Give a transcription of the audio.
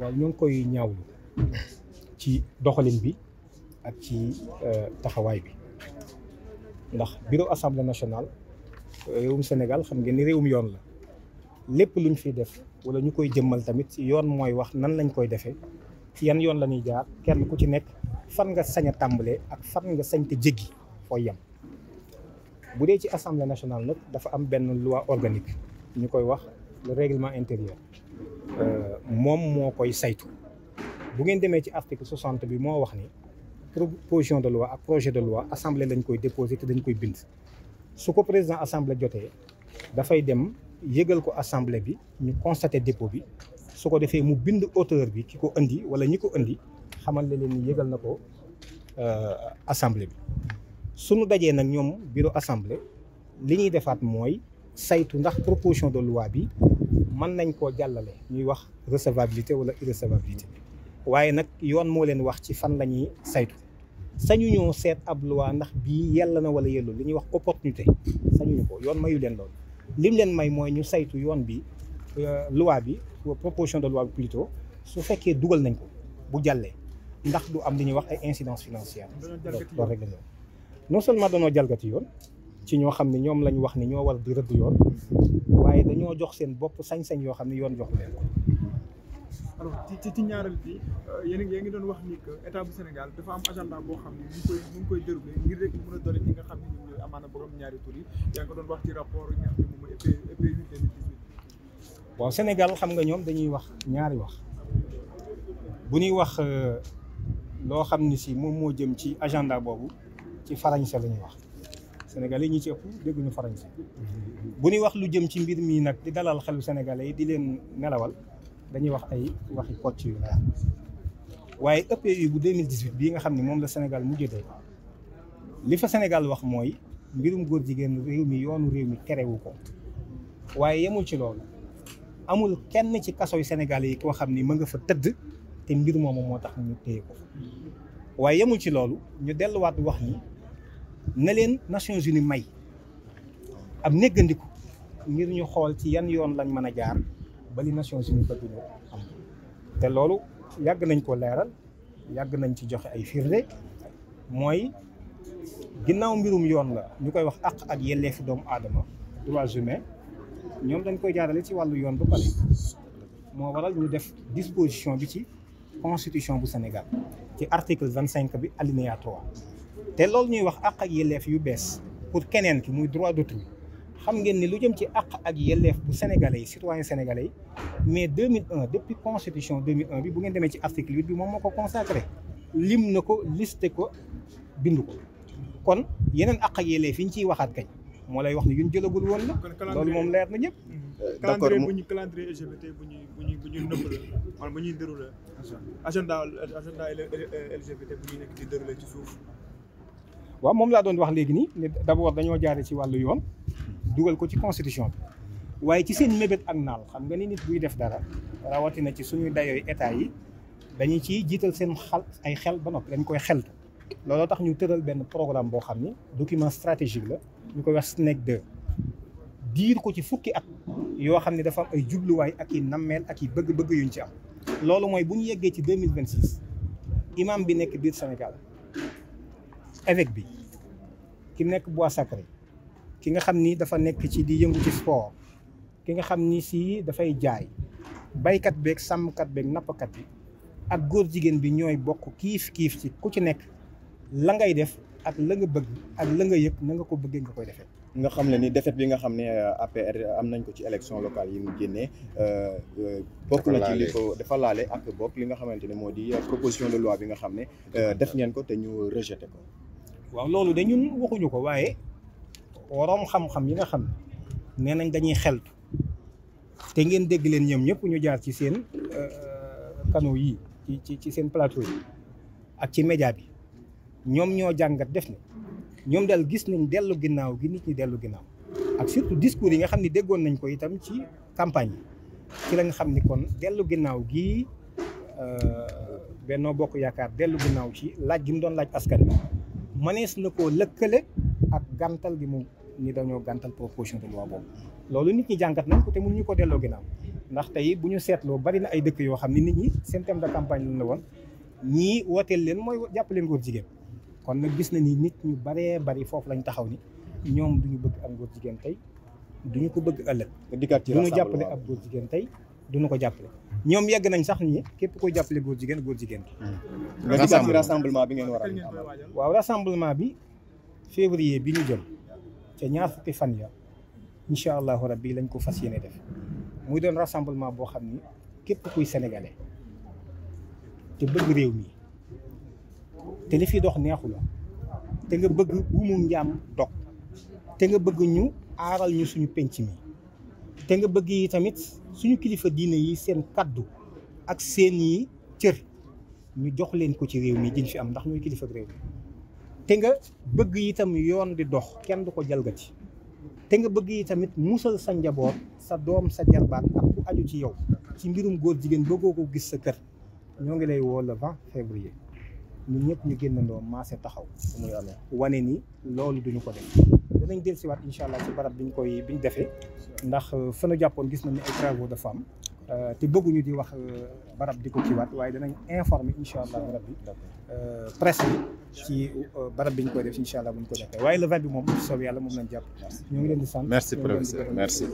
waaw ñoo ngi koy ñaawlu ci doxalin bi ak ci euh, taxawaay bi ndax bureau assemblée nationale euh, réewum Sénégal xam ngeen ni réewum yoon la lépp luñ fi def wala ñu koy jëmmal tamit ci yoon mooy wax nan lañ koy defee ci yan yoon la ñuy jaar kenn ku ci nekk fan nga sañ a tàmbalee ak fan nga sañ te jéggi fooy yem bu dee ci assemblée nationale nag dafa am benn loi organique ñu koy wax réglement règlement intérieur Euh, moom moo koy saytu bu ngeen demee ci article soixante bi moo wax ni proposition de loi ak projet de loi assemblée lañ koy déposé te dañ koy bind su ko président assemblée jotee dafay dem yëgal ko assemblée bi ñu constaté dépôt bi su ko defee mu bind auteur bi ki ko indi wala ñi ko indi xamal ne leen ni yëgal na ko euh, assemblée bi suñu dajee nag ñoom bureau assemblée li ñuy defaat mooy saytu ndax proposition de loi bi man nañ koo jàllale ñuy wax recevabilité wala irrecevabilité waaye nag yoon moo leen wax ci fan la ñuy saytu sañu ñoo seet ab loi ndax bii yàlla na wala yellul li ñuy wax opportunité sañuñu ko yoon mayu leen loolu lim leen may mooy ñu saytu yoon bi euh, loi bi proposition de loi bi plutôt su fekkee dugal nañ ko bu jàllee ndax du am li ñuy wax ay incidence financière loolu rek la non seulement danoo jalgati yoon ci ñoo xam ne ñoom lañ wax ni ñoo war di rëdd yoon waaye dañoo jox seen bopp sañ-sañ yoo xam ne yoon jox leen ko ci ci ñaareel bi euh, yéen ngi doon wax ni état bu Sénégal dafa am agenda boo xam ne ñu nga xam ne ñoom ñooy amaana ñaari tur yi doon wax ci rapport yi xam waaw Sénégal xam nga ñoom dañuy wax ñaari wax bu ñuy wax euh, loo xam ni si moom moo jëm ci agenda boobu ci farañse la ñuy wax sénégalais yi ñu ci ëpp dégguñu français bu ñuy wax lu jëm ci mbir mi nag di dalal xelu sénégalais yi di leen nelawal dañuy wax ay waxi kocc yu waaye EPU bu bii nga xam ne moom la Sénégal mujjatee li fa Sénégal wax mooy mbirum góor jigéen réew mi yoonu réew mi terewu ko waaye yemul ci loolu amul kenn ci kasoy Sénégal yi koo xam ni mën nga fa tëdd te mbir moomu moo tax mu téye ko waaye yemul ci loolu ñu delluwaat wax ni na leen Nations Unies may am néggandiku ngir ñu xool ci yan yoon lañ mën a jaar ba li Nations Unies bëgg am te loolu yàgg nañ ko leeral yàgg nañ ci joxe ay firnde mooy ginnaaw mbirum yoon la ñu koy wax àq ak yelleefu doomu aadama droits humains ñoom dañ koy jaarale ci wàllu yoon ba pare moo waral ñu def disposition bi ci constitution bu Sénégal ci article vingt cinq bi alinéa te loolu ñuy wax àq ak yelleef yu bees pour keneen ki muy droit d'autrui xam ngeen ni lu jëm ci àq ak yelleef bu sénégalais yi citoyen sénégalais yi mais un depuis constitution 2001 bi bu ngeen demee ci article 8 bi moom moo ko consacré lim na ko listé ko bind ko kon yeneen àq ak yelleef yi ñu ciy waxaat kañ moo lay wax ni yuñ jëlagul woon la loolu moom leer na ñëpp mm-hmm. euh, d'accord calendrier bu ñu calendrier LGBT bu ñuy bu ñuy bu ñuy nëbb la maanaam bu ñuy déroulé agenda agenda LGBT bu ñuy nekk di déroulé ci suuf waaw moom laa doon wax léegi nii ne d'abord dañoo jaare ci wàllu yoon dugal ko ci constitution bi waaye ci seen mébét ak naal xam nga ni nit buy def dara rawatina ci suñu dayooy état yi dañu ciy jiital seen xal ay xel ba noppi dañ koy xeltu looloo tax ñu tëral benn programme boo xam ni document stratégique la ñu koy wax SNEC 2 diir ko ci fukki at yoo xam ne dafa ay jubluwaay ak i nammeel ak yi bëgg-bëgg yuñ ci am loolu mooy bu ñu yeggee ci deux mille vingt six imam bi nekk biir Sénégal évêque bi ki nekk bois sacré ki nga xam ni dafa nekk ci di yëngu ci sport ki nga xam ni si dafay jaay baykat beeg sàmmkat beeg nappkat bi ak góor jigéen bi ñooy bokk kiif kiif ci ku ci nekk la ngay def ak la nga bëgg ak la nga yëg na nga ko bëggee nga koy defee. nga xam ne ni défaite bi nga xam ne euh, APR am nañ ko ci élection locale yi mu génnee. Euh, euh, bokk na ci li ko dafa laale ak bokk li nga xamante ne moo di proposition de loi bi nga xam ne def ngeen ko te ñu rejeté ko. waaw loolu dañu waxuñu ko waaye waroom xam-xam yi nga xam nee nañ dañuy xeltu te ngeen dégg leen ñoom ñëpp ñu jaar ci seen euh, canaux yi ci ci seen plateau yi ak ci média bi ñoom ñoo jàngat def ne ñoom daal gis nañ dellu ginnaaw gi nit ñi dellu ginnaaw ak surtout discours yi nga xam ni déggoon nañ ko itam ci campagne yi ci la nga xam ni kon dellu ginnaaw gii euh, Benno Bokk Yaakaar dellu ginnaaw ci laaj gi mu doon laaj askan bi mënees na koo lëkkale ak gantal gi moom ni dañoo gàntal proposition de loi boobu loolu nit ñi jàngat nañ ko te ñu ko delloo ginnaaw ndax tey bu ñu seetloo bari na ay dëkk yoo xam ne nit ñi seen thème de campagne lu la woon ñii wooteel leen mooy jàppale ngóor jigéen kon nag gis na ni nit ñu baree bari foofu lañ taxaw ni ñoom duñu bëgg ak ngóor jigéen tey duñu ko bëgg ëllëg duñu jàppale ab góor jigéen tey du duñu ko jàppale ñoom yegg nañ sax ni képp koy jàppale góor jigéen góor jigéen. rassemblement rassemblement bi ngeen war a waaw rassemblement bi février bi ñu jëm ca ñaar fukki fan ya incha allahu rabbi lañ ko fas yéene def muy doon rassemblement boo xam ni képp kuy sénégalais te bëgg réew mi te li fi dox neexu la te nga bëgg bu mu njaam dog te nga bëgg ñu aaral ñu suñu penc mi. te nga bëgg yi tamit suñu kilifa diine yi seen kàddu ak seen yi cër ñu jox leen ko ci réew mi diñ am ndax ñooy kilifa réew mi te nga bëgg yi tam yoon di dox kenn du ko jalgati te nga bëgg yi tamit musal sa njaboot sa doom sa jarbaat ak ku aju ci yow ci mbirum góor jigéen bëggoo ko gis sa kër ñoo ngi lay woo le 20 février ñun ñëpp ñu génnandoo maase taxaw su muy wane ni loolu duñu ko def danañ dellusiwaat incha allah ci barab bi ñu koy bi ñu defee ndax euh, fa jàppoon gis na ne ay travaux de femme euh, te bëgguñu di wax euh, barab di ko kiiwaat waaye danañ informer incha allah barab bi presse bi ci barab bi ñu koy def incha bu ñu ko defee waaye le vin bi moom soob yàlla moom lañ jàpp ñoo leen di sant merci professeur merci